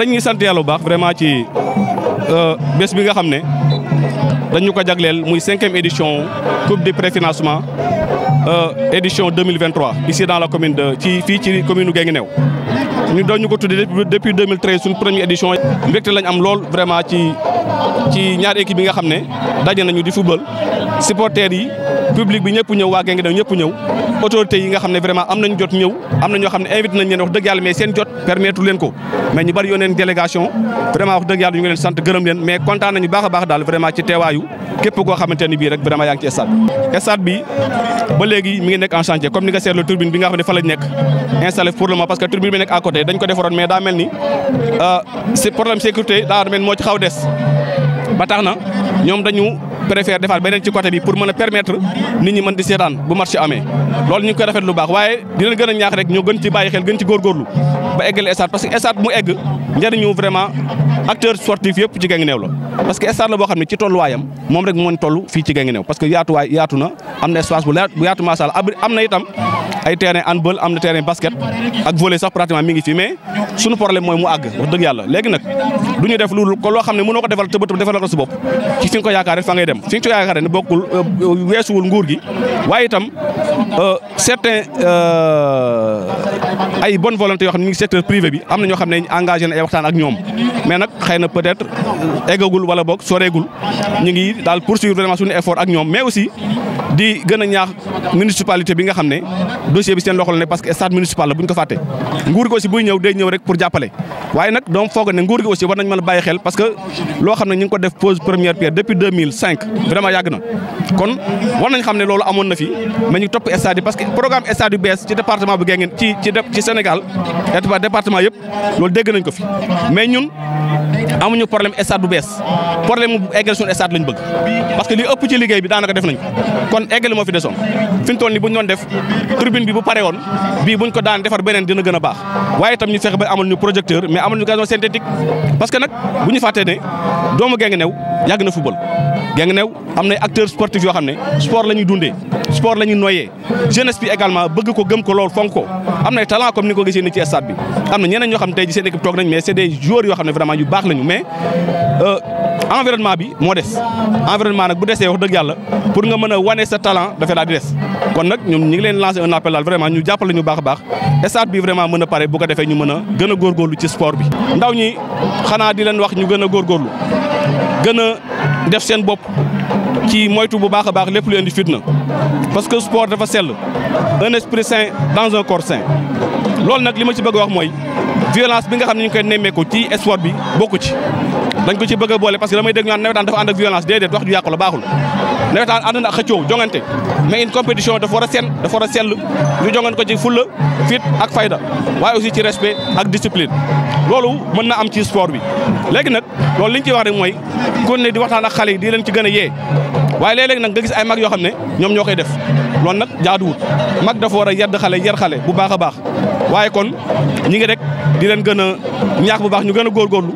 dañuy sant yalla bu baax vraiment ci euh, bés bi nga xamné dañ dañu ko jagleel muy e édition coupe du préfinancement euh, édition 2023 ici dans la commune de ci fi ci commune Guinguinéo ñu dañu ko tuddee depuis 2013 une première édition mbekté lañ am lool vraiment ci ci ñaar équipe bi nga xamné dajé nañu di football supporters yi public bi ñëpp ñëw waa Guinguinéo ñëpp ñëw autorités yi nga xam ne vraiment am nañu jot ñëw am na ñoo xam ne invité nañ leen wax dëgg yàlla mais seen jot permettre leen ko mais ñu bari yoon leen délégation vraiment wax dëgg yàlla ñu ngi leen gërëm leen mais kontaan nañu baax a baax daal vraiment ci teewaayu képp koo xamante ni bii rek vraiment yaa ngi ci stade bi bi ba léegi mi ngi nekk en chantier ni nga seetloo turbine bi nga xam ne fa nekk installé euh, problème sécurité daa mel préfère defaat beneen ci côté bi pour mën a permettre nit ñi mën di seetaan bu marché amee loolu ñu koy rafet lu baax waaye dina leen gën a ñaax rek ñoo gën ci bàyyi xel gën ci góorgóorlu ba eggale stade parce que stade mu egg njëriñu vraiment acteur sportif yëpp ci Guinguinéo parce que stade la boo xam ne ci tolluwaayam moom rek moo toll fii ci Guinguinéo parce que yaatuwaay yaatu na am na espace bu yaatu macha allah am na itam ay terrain handball am na terrain basket ak volley sax pratiquement mi ngi fi mais suñu problème mooy mu àgg wax dëgg yàlla léegi nag du ñu def lu ko loo xam ne mënoo ko defal tëb defal ko bopp ci fi ko yaakaar fa ngay dem fi nga ko yaakaar ne bokkul euh, weesuwul nguur gi waaye itam euh, certains euh, ay bonne volonté yoo xam ne ñu ngi secteur privé bi am na ñoo xam ne engagé na waxtaan ak ñoom mais nag xëy na peut-être eggagul wala boog soreegul ñu ngi daal poursuivre vraiment suñu effort ak ñoom mais aussi di gën a ñaax municipalité bi nga xam ne dossier bi seen loxo la ne parce que stade municipal la bu ñu ko fàtte nguur gi aussi buy ñëw day ñëw rek pour jàppale waaye nag donc foog ne nguur gi aussi war nañ mën a bàyyi xel parce que loo xam ne ñu ngi ko def pose première pierre depuis 2005 vraiment yàgg na kon war nañ xam ne loolu amoon na fi mais ñu topp stade yi parce que programme stade yu bees ci département bu Guinguinéo ci Sénégal département yëpp loolu dégg nañ ko fi mais ñun amuñu problème stade beneen bi bu pare woon bii buñ ko daan defar beneen dina gën a baax waaye itam ñu fexe ba amul ñu projecteur mais amul ñu gazon synthétique parce que nag bu ñu fàttee ne doomu Guinguinéo yàgg na football Guinguinéo am na acteur sportif yoo xam ne sport la dundee sport la noyee jeunesse également bëgg ko gëm ko lool fonk ko am na talent comme ni ko gisee ni ci stade bi am na ñeneen ñoo xam tey ji yoo xam ne vraiment yu baax lañu mais euh, environnement bi mo dess environnement nak bu desee wax deug yalla pour nga mëna wané sa talent dafay daal di dess kon nak ñoom ñi ngi leen lancer un appel daal vraiment ñu jappal ñu baax a baax stade bi vraiment mëna paré bu ko défé ñu mëna gëna gën a ci sport bi. ndaw ñi xana di leen wax ñu gëna a góorgóorlu gën def seen bop ci moytu bu baax a baax lépp lu indi fitna parce que sport dafa sel un esprit sain dans un corps sain lool nak li ma ci bëgg wax moy violence bi nga xamni ñu koy némé ko ci sport bi bokku ci. dañ ko ci bëgg a boole parce que damay dégg ñu naan nawetaan dafa ànd ak violence déedéet wax ju yàqu baaxul nawetaan ànd na ak jongante mais une compétition dafa war a seen dafa war a sell ñu jongante ko ci fulla fit ak fayda waaye aussi ci respe ak discipline loolu mën na am ci sport bi léegi nag loolu li ñu ciy wax rek mooy kon ne di waxtaan ak xale yi di leen ci gën a yee waaye léeg-léeg nag nga gis ay mag yoo xam ne ñoom ñoo koy def loolu nag jaaduwut mag dafa war a yedd xale yar xale bu baax a baax waaye kon ñi ngi rek di leen gën a ñaax bu baax ñu gën a góorgóorlu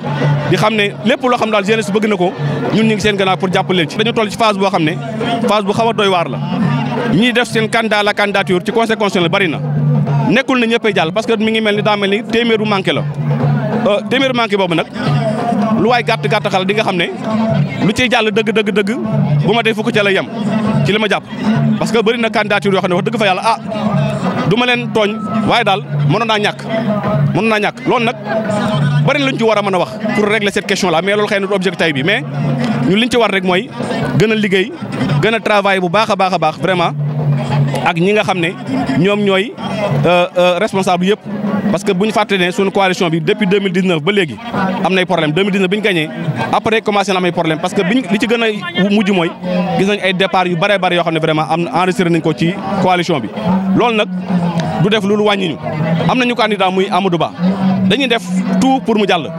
di xam ne lépp loo xam daal jeunesse bëgg na ko ñun ñu ngi seen gannaaw pour jàppale leen ci. dañu toll ci phase boo xam ne phase bu xaw a doy waar la ñiy def seen candidat la candidature ci conseil constitutionnel bari na nekkul ne ñëppay jàll parce que mi ngi mel ni daa mel ni bu manqué la euh, téeméer bu manqué boobu nag. lu waay gàtt gàtt xel di nga xam ne lu ciy jàll dëgg dëgg dëgg bu ma dee fukk ca la yem ci li ma jàpp parce que bëri na candidature yoo xam ne wax dëgg yàlla ah duma leen tooñ waaye daal mënoon naa ñàkk mënoon naa ñàkk loolu nag bari luñ ci war a mën a wax pour régler cette question là mais loolu xëy na du objet tey bi mais ñu liñ war rek mooy gën a liggéey gën a travail bu baax a baax a baax vraiment ak ñi nga xam ne ñoom ñooy Euh, euh, responsable yëpp parce que bu ñu fàtte ne suñu coalition bi depuis 2019 ba léegi am nay problème 2019 bi ñu gagné après commencé na am ay problème parce que biñ li ci gën mujj mooy gis nañ ay départ yu bëree bëri yoo ne vraiment am enregistré nañ ko ci coalition bi loolu nag du def loolu wàññi ñu am nañu candidat muy Amadou Ba dañuy def tout pour mu jàll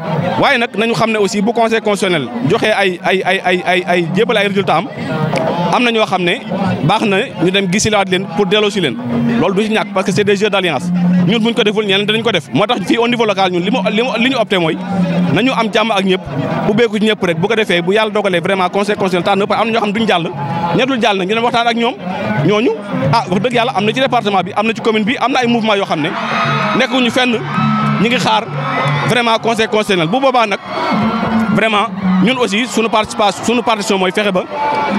waaye nag nañu xam ne aussi bu conseil constitutionnel joxee ay ay ay ay ay ay jébbal ay résultat am na ñoo xam ne baax na ñu dem gisilaat leen pour delloosi leen loolu du ci ñàkk parce que c'est des jeux d'alliance ñun buñ ko deful ñeneen dañ ko def moo tax fii au niveau local ñun li mu ñu opté mooy nañu am jàmm ak ñëpp ubbeeku ci ñëpp rek bu ko defee bu yàlla dogalee vraiment conseil conseil tax na am na ñoo xam duñ jàll ñetul jàll nag ñu dem waxtaan ak ñoom ñooñu ah wax dëgg yàlla am na ci département bi am na ci commune bi am na ay mouvement yoo xam ne nekkuñu fenn ñi ngi xaar vraiment conseil conseil bu boobaa nag vraiment ñun aussi sunu participation sunu participation mooy fexe ba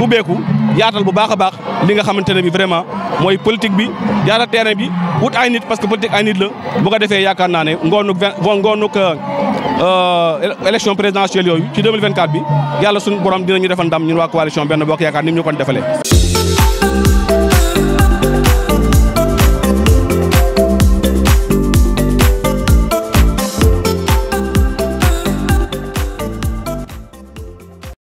ubbeeku yaatal bu baax a baax li nga xamante ne bi vraiment mooy politique bi yaatal terrain bi wut ay nit parce que politique ay nit la bu ko defee yaakaar naa ne ngoonuk ngoonuk euh, élection présidentielle yooyu ci 2024 bi yàlla suñu borom dinañu defal ndam ñun waa coalition benn bokk yaakaar ni mu ñu kon defalee